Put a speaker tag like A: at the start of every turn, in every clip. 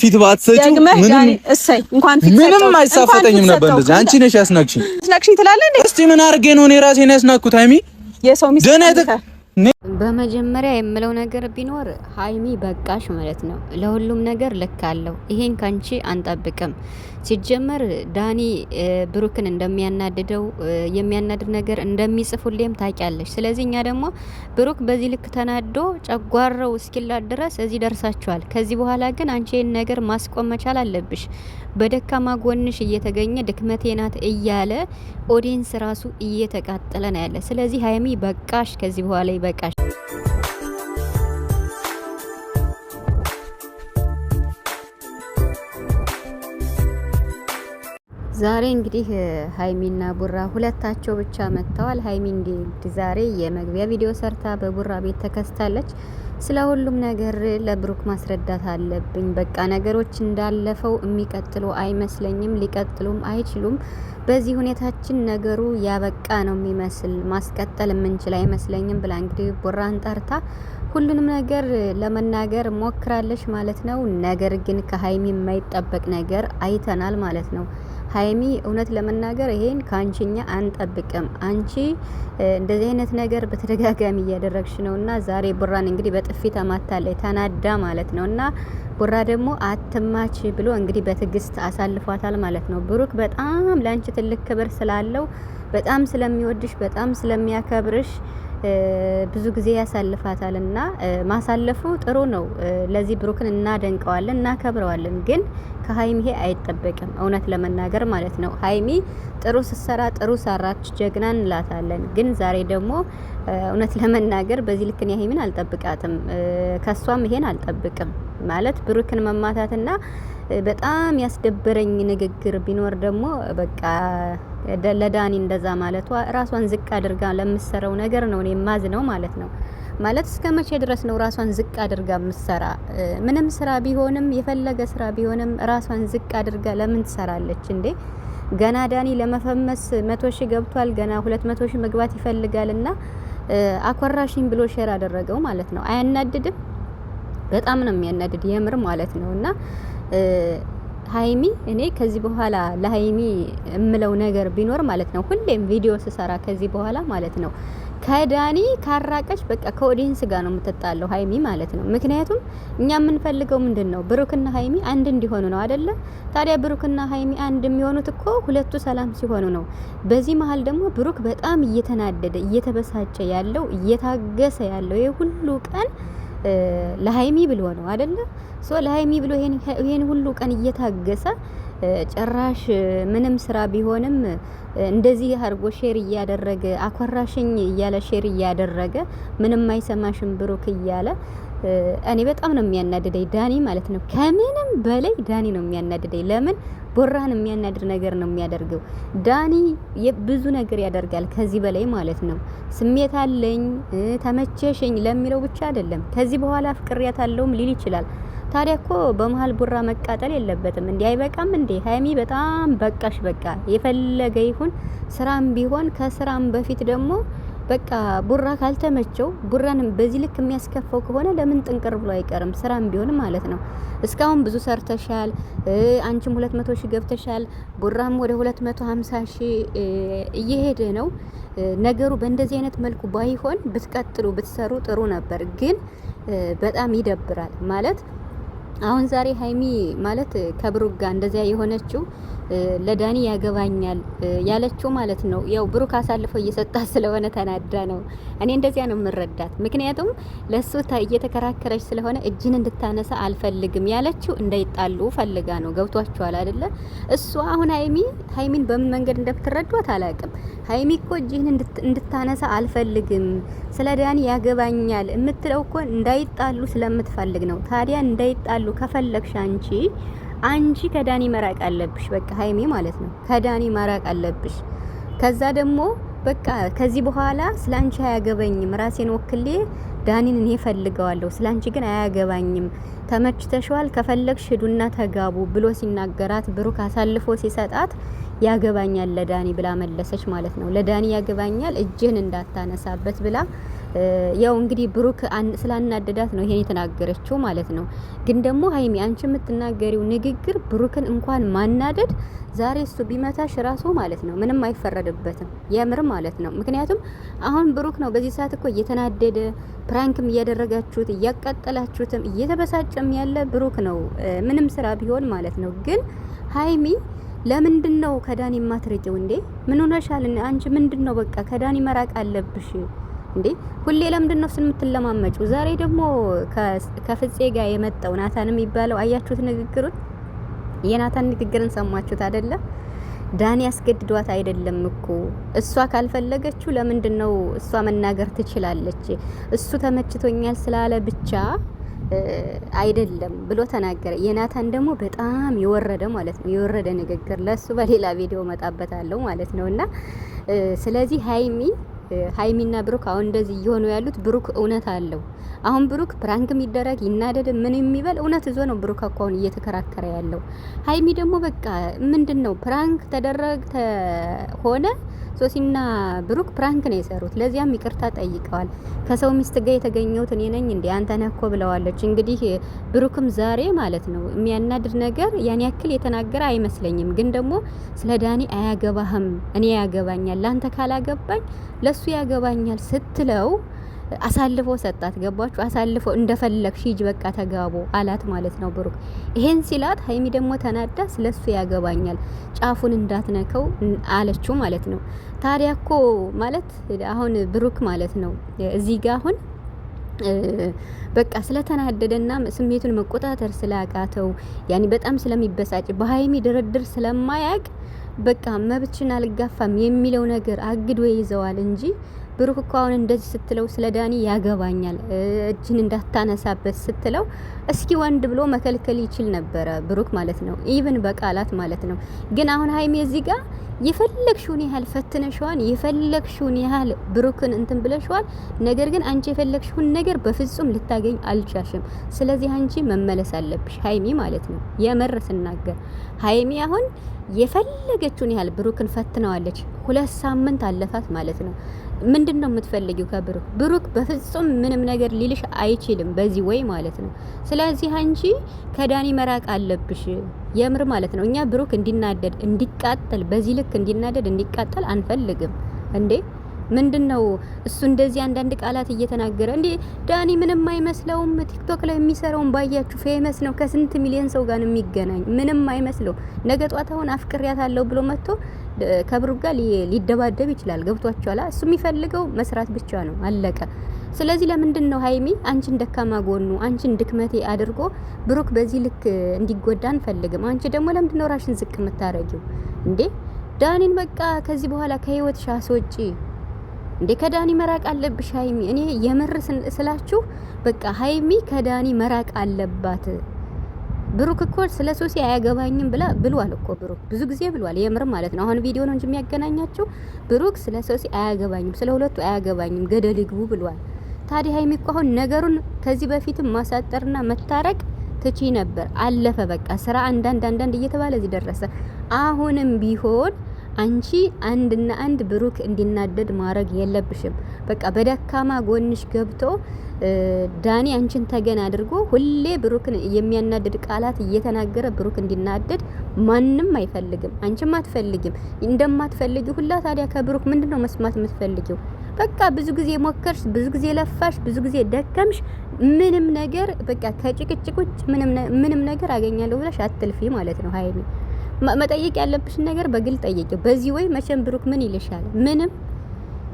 A: ፊት ባትሰጪው ምንም አይሳፈጠኝም ነበር። እንደዚህ አንቺ ነሽ ያስናቅሽኝ።
B: ያስናቅሽኝ ትላለህ እንዴ?
A: እስቲ ምን አድርጌ ነው እኔ ራሴን ያስናቅኩት? ሀይሚ የሰው ሚስት
B: በመጀመሪያ የምለው ነገር ቢኖር ሀይሚ በቃሽ ማለት ነው። ለሁሉም ነገር ልክ አለው። ይሄን ካንቺ አንጠብቅም። ሲጀመር ዳኒ ብሩክን እንደሚያናድደው የሚያናድድ ነገር እንደሚጽፉልም ታውቂያለሽ። ስለዚህ እኛ ደግሞ ብሩክ በዚህ ልክ ተናዶ ጨጓረው እስኪላድ ድረስ እዚህ ደርሳችኋል። ከዚህ በኋላ ግን አንቺ ይህን ነገር ማስቆም መቻል አለብሽ። በደካማ ጎንሽ እየተገኘ ድክመቴ ናት እያለ ኦዲንስ ራሱ እየተቃጠለ ነው ያለ። ስለዚህ ሀይሚ በቃሽ፣ ከዚህ በኋላ ይበቃሽ። ዛሬ እንግዲህ ሀይሚና ቡራ ሁለታቸው ብቻ መጥተዋል። ሀይሚ እንግዲህ ዛሬ የመግቢያ ቪዲዮ ሰርታ በቡራ ቤት ተከስታለች። ስለ ሁሉም ነገር ለብሩክ ማስረዳት አለብኝ፣ በቃ ነገሮች እንዳለፈው የሚቀጥሉ አይመስለኝም፣ ሊቀጥሉም አይችሉም። በዚህ ሁኔታችን ነገሩ ያበቃ ነው የሚመስል፣ ማስቀጠል የምንችል አይመስለኝም ብላ እንግዲህ ቡራን ጠርታ ሁሉንም ነገር ለመናገር ሞክራለች ማለት ነው። ነገር ግን ከሀይሚ የማይጠበቅ ነገር አይተናል ማለት ነው። ሀይሚ እውነት ለመናገር ይሄን ከአንቺ እኛ አንጠብቅም። አንቺ እንደዚህ አይነት ነገር በተደጋጋሚ እያደረግሽ ነው እና ዛሬ ቡራን እንግዲህ በጥፊት አማታለች ተናዳ ማለት ነው እና ቡራ ደግሞ አትማች ብሎ እንግዲህ በትዕግስት አሳልፏታል ማለት ነው። ብሩክ በጣም ለአንቺ ትልቅ ክብር ስላለው በጣም ስለሚወድሽ በጣም ስለሚያከብርሽ ብዙ ጊዜ ያሳልፋታል እና ማሳለፉ ጥሩ ነው። ለዚህ ብሩክን እናደንቀዋለን፣ እናከብረዋለን። ግን ከሀይሚ ይሄ አይጠበቅም፣ እውነት ለመናገር ማለት ነው። ሀይሚ ጥሩ ስትሰራ ጥሩ ሰራች፣ ጀግና እንላታለን። ግን ዛሬ ደግሞ እውነት ለመናገር በዚህ ልክን ሀይሚን አልጠብቃትም፣ ከሷም ይሄን አልጠብቅም ማለት ብሩክን መማታትና በጣም ያስደበረኝ ንግግር ቢኖር ደግሞ በቃ ለዳኒ እንደዛ ማለቷ ራሷን ዝቅ አድርጋ ለምሰራው ነገር ነው እኔ የማዝነው ማለት ነው። ማለት እስከ መቼ ድረስ ነው ራሷን ዝቅ አድርጋ የምትሰራ? ምንም ስራ ቢሆንም የፈለገ ስራ ቢሆንም ራሷን ዝቅ አድርጋ ለምን ትሰራለች እንዴ? ገና ዳኒ ለመፈመስ መቶ ሺ ገብቷል። ገና ሁለት መቶ ሺ መግባት ይፈልጋልና አኮራሽኝ ብሎ ሼር አደረገው ማለት ነው። አያናድድም? በጣም ነው የሚያናድድ የምር ማለት እና ሀይሚ እኔ ከዚህ በኋላ ለሀይሚ እምለው ነገር ቢኖር ማለት ነው ሁሌም ቪዲዮ ስሰራ ከዚህ በኋላ ማለት ነው ከዳኒ ካራቀች በቃ ከኦዲየንስ ጋር ነው የምትጣለው ሀይሚ ማለት ነው። ምክንያቱም እኛ የምንፈልገው ምንድን ነው ብሩክና ሀይሚ አንድ እንዲሆኑ ነው አደለ? ታዲያ ብሩክና ሀይሚ አንድ የሚሆኑት እኮ ሁለቱ ሰላም ሲሆኑ ነው። በዚህ መሀል ደግሞ ብሩክ በጣም እየተናደደ እየተበሳጨ ያለው እየታገሰ ያለው ይህ ሁሉ ቀን ለሀይሚ ብሎ ነው አይደለ? ሶ ለሀይሚ ብሎ ይሄን ሁሉ ቀን እየታገሰ ጭራሽ ምንም ስራ ቢሆንም እንደዚህ አድርጎ ሼር እያደረገ አኮራሽኝ እያለ ሼር እያደረገ ምንም አይሰማሽም ብሩክ እያለ እኔ በጣም ነው የሚያናድደኝ ዳኒ ማለት ነው። ከምንም በላይ ዳኒ ነው የሚያናድደኝ። ለምን ቦራን የሚያናድድ ነገር ነው የሚያደርገው። ዳኒ ብዙ ነገር ያደርጋል ከዚህ በላይ ማለት ነው። ስሜት አለኝ ተመቸሽኝ ለሚለው ብቻ አይደለም። ከዚህ በኋላ ፍቅሪያት አለውም ሊል ይችላል። ታዲያ እኮ በመሀል ቡራ መቃጠል የለበትም። እንዲህ አይበቃም እንዴ? ሀይሚ በጣም በቃሽ። በቃ የፈለገ ይሁን ስራም ቢሆን ከስራም በፊት ደግሞ በቃ ቡራ ካልተመቸው ቡራንም በዚህ ልክ የሚያስከፋው ከሆነ ለምን ጥንቅር ብሎ አይቀርም? ስራም ቢሆን ማለት ነው። እስካሁን ብዙ ሰርተሻል። አንቺም 200 ሺህ ገብተሻል። ቡራም ወደ 250 ሺህ እየሄደ ነው። ነገሩ በእንደዚህ አይነት መልኩ ባይሆን ብትቀጥሉ ብትሰሩ ጥሩ ነበር። ግን በጣም ይደብራል ማለት አሁን ዛሬ ሀይሚ ማለት ከብሩክ ጋር እንደዚያ የሆነችው ለዳኒ ያገባኛል ያለችው ማለት ነው። ያው ብሩክ አሳልፎ እየሰጣት ስለሆነ ተናዳ ነው። እኔ እንደዚያ ነው የምረዳት። ምክንያቱም ለሱ እየተከራከረች ስለሆነ እጅን እንድታነሳ አልፈልግም ያለችው እንዳይጣሉ ፈልጋ ነው። ገብቷችኋል አይደለ? እሱ አሁን ሀይሚ ሀይሚን በምን መንገድ እንደምትረዷት አላውቅም። ሀይሚ እኮ እጅህን እንድታነሳ አልፈልግም፣ ስለ ዳኒ ያገባኛል የምትለው እኮ እንዳይጣሉ ስለምትፈልግ ነው። ታዲያ እንዳይጣሉ ከፈለግሽ አንቺ አንቺ ከዳኒ መራቅ አለብሽ። በቃ ሀይሜ ማለት ነው ከዳኒ መራቅ አለብሽ። ከዛ ደግሞ በቃ ከዚህ በኋላ ስላንቺ አያገበኝም፣ ራሴን ወክሌ ዳኒን እኔ ፈልገዋለሁ፣ ስላንቺ ግን አያገባኝም፣ ተመችተሽዋል፣ ከፈለግሽ ሂዱና ተጋቡ ብሎ ሲናገራት ብሩክ አሳልፎ ሲሰጣት ያገባኛል ለዳኒ ብላ መለሰች ማለት ነው። ለዳኒ ያገባኛል እጅህን እንዳታነሳበት ብላ ያው እንግዲህ ብሩክ ስላናደዳት ነው ይሄን የተናገረችው ማለት ነው። ግን ደግሞ ሀይሚ አንቺ የምትናገሪው ንግግር ብሩክን እንኳን ማናደድ ዛሬ እሱ ቢመታሽ ራሱ ማለት ነው ምንም አይፈረድበትም፣ የምር ማለት ነው። ምክንያቱም አሁን ብሩክ ነው በዚህ ሰዓት እኮ እየተናደደ ፕራንክም እያደረጋችሁት እያቃጠላችሁትም እየተበሳጨም ያለ ብሩክ ነው፣ ምንም ስራ ቢሆን ማለት ነው። ግን ሀይሚ ለምንድን ነው ከዳኒ ማትረጀው እንዴ? ምን ሆነሻል አንቺ? ምንድን ነው በቃ ከዳኒ መራቅ አለብሽ። እንዴ ሁሌ ለምንድን ነው የምትለማመጪው? ዛሬ ደግሞ ከፍፄ ጋር የመጣው ናታን የሚባለው አያችሁት ንግግሩን። የናታን ንግግርን ሰማችሁት አይደለ? ዳኒ ያስገድዷት አይደለም እኮ እሷ ካልፈለገችው ለምንድን ነው እሷ መናገር ትችላለች። እሱ ተመችቶኛል ስላለ ብቻ አይደለም ብሎ ተናገረ። የናታን ደግሞ በጣም የወረደ ማለት ነው፣ የወረደ ንግግር ለሱ በሌላ ቪዲዮ መጣበታለሁ ማለት ነውና ስለዚህ ሀይሚ ሀይሚና ብሩክ አሁን እንደዚህ እየሆኑ ያሉት ብሩክ እውነት አለው። አሁን ብሩክ ፕራንክ የሚደረግ ይናደድ ምን የሚበል እውነት እዞ ነው ብሩክ እኮ አሁን እየተከራከረ ያለው። ሀይሚ ደግሞ በቃ ምንድን ነው ፕራንክ ተደረግ ተሆነ ሶሲና ብሩክ ፕራንክ ነው የሰሩት። ለዚያም ይቅርታ ጠይቀዋል። ከሰው ሚስት ጋር የተገኘሁት እኔ ነኝ እንዴ አንተ ነህ እኮ ብለዋለች። እንግዲህ ብሩክም ዛሬ ማለት ነው የሚያናድድ ነገር ያን ያክል የተናገረ አይመስለኝም። ግን ደግሞ ስለ ዳኒ አያገባህም፣ እኔ ያገባኛል፣ ለአንተ ካላገባኝ ለሱ ያገባኛል ስትለው አሳልፎ ሰጣት። ገባችሁ? አሳልፎ እንደፈለግሽ ሂጅ በቃ ተጋቦ አላት ማለት ነው ብሩክ። ይሄን ሲላት ሀይሚ ደግሞ ተናዳ ስለሱ ያገባኛል ጫፉን እንዳትነከው አለችው ማለት ነው። ታዲያ እኮ ማለት አሁን ብሩክ ማለት ነው እዚህ ጋር አሁን በቃ ስለተናደደና ስሜቱን መቆጣጠር ስላቃተው ያኔ በጣም ስለሚበሳጭ በሀይሚ ድርድር ስለማያቅ በቃ መብችን አልጋፋም የሚለው ነገር አግዶ ይዘዋል እንጂ ብሩክ እኮ አሁን እንደዚህ ስትለው ስለ ዳኒ ያገባኛል እጅን እንዳታነሳበት ስትለው እስኪ ወንድ ብሎ መከልከል ይችል ነበረ ብሩክ ማለት ነው። ኢቭን በቃላት ማለት ነው። ግን አሁን ሀይሚ እዚህ ጋር የፈለግሽውን ያህል ፈትነሽዋን የፈለግሽውን ያህል ብሩክን እንትን ብለሽዋል። ነገር ግን አንቺ የፈለግሽውን ነገር በፍጹም ልታገኝ አልቻሽም። ስለዚህ አንቺ መመለስ አለብሽ ሀይሚ ማለት ነው። የመር ስናገር ሀይሚ አሁን የፈለገችውን ያህል ብሩክን ፈትነዋለች። ሁለት ሳምንት አለፋት ማለት ነው። ምንድን ነው የምትፈልጊው ከብሩክ? ብሩክ በፍጹም ምንም ነገር ሊልሽ አይችልም፣ በዚህ ወይ ማለት ነው። ስለዚህ አንቺ ከዳኒ መራቅ አለብሽ፣ የምር ማለት ነው። እኛ ብሩክ እንዲናደድ እንዲቃጠል፣ በዚህ ልክ እንዲናደድ እንዲቃጠል አንፈልግም እንዴ ምንድን ነው እሱ እንደዚህ አንዳንድ ቃላት እየተናገረ እንዴ? ዳኒ ምንም አይመስለውም። ቲክቶክ ላይ የሚሰራውን ባያችሁ፣ ፌመስ ነው። ከስንት ሚሊዮን ሰው ጋር ነው የሚገናኝ። ምንም አይመስለው። ነገ ጧት አሁን አፍቅሬያታለሁ ብሎ መጥቶ ከብሩ ጋር ሊደባደብ ይችላል። ገብቷችኋል? እሱ የሚፈልገው መስራት ብቻ ነው። አለቀ። ስለዚህ ለምንድን ነው ሀይሚ አንቺን ደካማ ጎኑ አንቺን ድክመቴ አድርጎ ብሩክ በዚህ ልክ እንዲጎዳ አንፈልግም። አንቺ ደግሞ ለምንድን ነው ራሽን ዝቅ የምታረጊው እንዴ? ዳኒን በቃ ከዚህ በኋላ ከህይወት ሻስ ወጪ እንዴ ከዳኒ መራቅ አለብሽ ሀይሚ። እኔ የምር ስላችሁ በቃ ሀይሚ ከዳኒ መራቅ አለባት። ብሩክ እኮ ስለ ሶሲ አያገባኝም ብላ ብሏል እኮ ብሩክ ብዙ ጊዜ ብሏል። የምር ማለት ነው። አሁን ቪዲዮ ነው እንጂ የሚያገናኛቸው ብሩክ ስለ ሶሲ አያገባኝም፣ ስለ ሁለቱ አያገባኝም፣ ገደል ይግቡ ብሏል። ታዲያ ሀይሚ እኮ አሁን ነገሩን ከዚህ በፊትም ማሳጠርና መታረቅ ትቺ ነበር። አለፈ በቃ ስራ አንዳንድ አንዳንድ እየተባለ እዚህ ደረሰ። አሁንም ቢሆን አንቺ አንድና አንድ ብሩክ እንዲናደድ ማድረግ የለብሽም። በቃ በደካማ ጎንሽ ገብቶ ዳኒ አንቺን ተገን አድርጎ ሁሌ ብሩክን የሚያናድድ ቃላት እየተናገረ ብሩክ እንዲናደድ ማንም አይፈልግም፣ አንቺም አትፈልጊም። እንደማትፈልጊ ሁላ ታዲያ ከብሩክ ምንድነው መስማት የምትፈልጊው? በቃ ብዙ ጊዜ ሞከርሽ፣ ብዙ ጊዜ ለፋሽ፣ ብዙ ጊዜ ደከምሽ። ምንም ነገር በቃ ከጭቅጭቅ ውጭ ምንም ነገር አገኛለሁ ብለሽ አትልፊ ማለት ነው ሀይሚ መጠየቅ ያለብሽን ነገር በግል ጠየቂ። በዚህ ወይ መቼም ብሩክ ምን ይልሻል? ምንም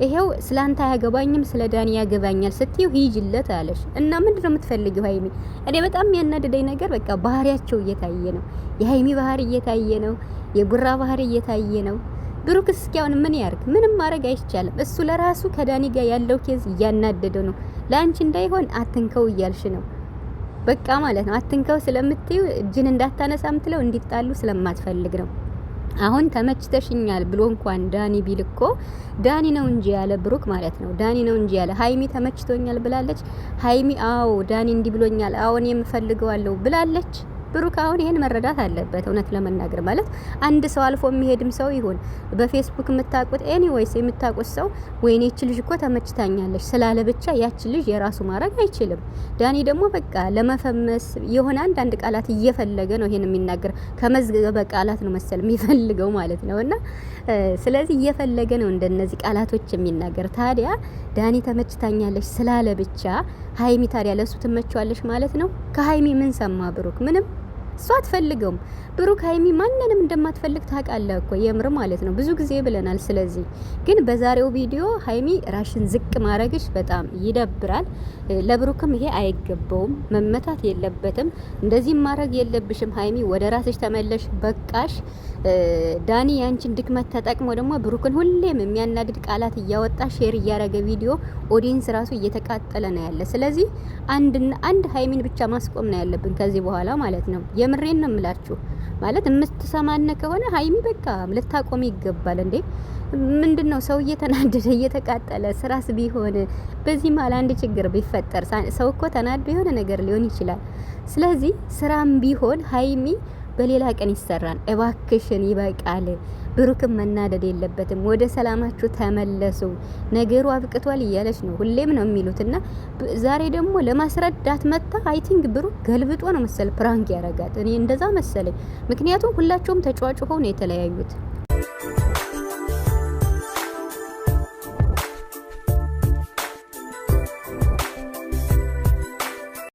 B: ይሄው ስላንተ አያገባኝም ስለ ዳኒ ያገባኛል ስትይው ሂጅለት አለሽ እና ምንድን ነው የምትፈልጊው ሀይሚ? እኔ በጣም ያናደደኝ ነገር በቃ ባህሪያቸው እየታየ ነው። የሀይሚ ባህሪ እየታየ ነው። የቡራ ባህሪ እየታየ ነው። ብሩክ እስኪያውን ምን ያርግ? ምንም ማድረግ አይቻልም። እሱ ለራሱ ከዳኒ ጋር ያለው ኬዝ እያናደደ ነው። ለአንቺ እንዳይሆን አትንከው እያልሽ ነው በቃ ማለት ነው። አትንከው ስለምትዩ እጅን እንዳታነሳ ምትለው እንዲጣሉ ስለማትፈልግ ነው። አሁን ተመችተሽኛል ብሎ እንኳን ዳኒ ቢል እኮ ዳኒ ነው እንጂ ያለ ብሩክ ማለት ነው። ዳኒ ነው እንጂ ያለ ሀይሚ ተመችቶኛል ብላለች። ሀይሚ አዎ ዳኒ እንዲህ ብሎኛል፣ አዎን የምፈልገዋለሁ ብላለች። ብሩክ አሁን ይሄን መረዳት አለበት። እውነት ለመናገር ማለት አንድ ሰው አልፎ የሚሄድም ሰው ይሁን በፌስቡክ የምታውቁት ኤኒዌይስ የምታውቁት ሰው ወይኔ ይቺ ልጅ እኮ ተመችታኛለች ስላለ ብቻ ያቺ ልጅ የራሱ ማድረግ አይችልም። ዳኒ ደግሞ በቃ ለመፈመስ የሆነ አንዳንድ ቃላት እየፈለገ ነው ይሄን የሚናገር ከመዝገበ ቃላት ነው መሰል የሚፈልገው ማለት ነው። እና ስለዚህ እየፈለገ ነው እንደነዚህ ቃላቶች የሚናገር ታዲያ ዳኒ ተመችታኛለች ስላለ ብቻ ሀይሚ ታዲያ ለሱ ትመቸዋለች ማለት ነው። ከሀይሚ ምን ሰማ ብሩክ? ምንም እሷ አትፈልገውም። ብሩክ ሀይሚ ማንንም እንደማትፈልግ ታውቃለህ እኮ የምር ማለት ነው፣ ብዙ ጊዜ ብለናል። ስለዚህ ግን በዛሬው ቪዲዮ ሀይሚ ራሽን ዝቅ ማድረግሽ በጣም ይደብራል። ለብሩክም ይሄ አይገባውም፣ መመታት የለበትም። እንደዚህ ማድረግ የለብሽም ሀይሚ፣ ወደ ራስሽ ተመለሽ፣ በቃሽ። ዳኒ ያንቺን ድክመት ተጠቅሞ ደግሞ ብሩክን ሁሌም የሚያናድድ ቃላት እያወጣ ሼር እያረገ ቪዲዮ ኦዲንስ ራሱ እየተቃጠለ ነው ያለ። ስለዚህ አንድ አንድ ሀይሚን ብቻ ማስቆም ነው ያለብን ከዚህ በኋላ ማለት ነው። የምሬን ነው የምላችሁ። ማለት የምትሰማነ ከሆነ ሀይሚ በቃ ልታቆም ይገባል። እንዴ ምንድን ነው ሰው እየተናደደ እየተቃጠለ ስራስ ቢሆን በዚህ ማል አንድ ችግር ቢፈጠር ሰው እኮ ተናዶ የሆነ ነገር ሊሆን ይችላል። ስለዚህ ስራም ቢሆን ሀይሚ በሌላ ቀን ይሰራል። እባክሽን ይበቃል። ብሩክም መናደድ የለበትም። ወደ ሰላማችሁ ተመለሱ፣ ነገሩ አብቅቷል እያለች ነው ሁሌም ነው የሚሉትና ዛሬ ደግሞ ለማስረዳት መጣ። አይ ቲንክ ብሩክ ገልብጦ ነው መሰል ፕራንክ ያረጋት። እኔ እንደዛ መሰለኝ። ምክንያቱም ሁላቸውም ተጫዋጭ ሆነው የተለያዩት